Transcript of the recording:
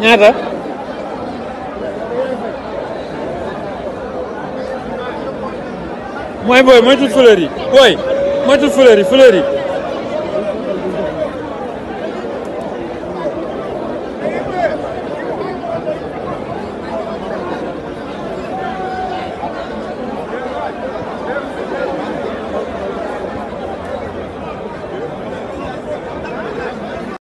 ñaata. mooy booy moytu fleur yi booy moytu fleur yi fleur yi.